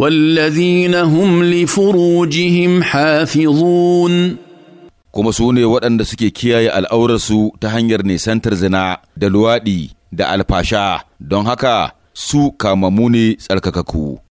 والذين هم لفروجهم حافظون kuma su ne waɗanda suke kiyaye al'aurarsu ta hanyar nisantar zina da luwaɗi da alfasha don haka su kamamu ne tsarkakaku.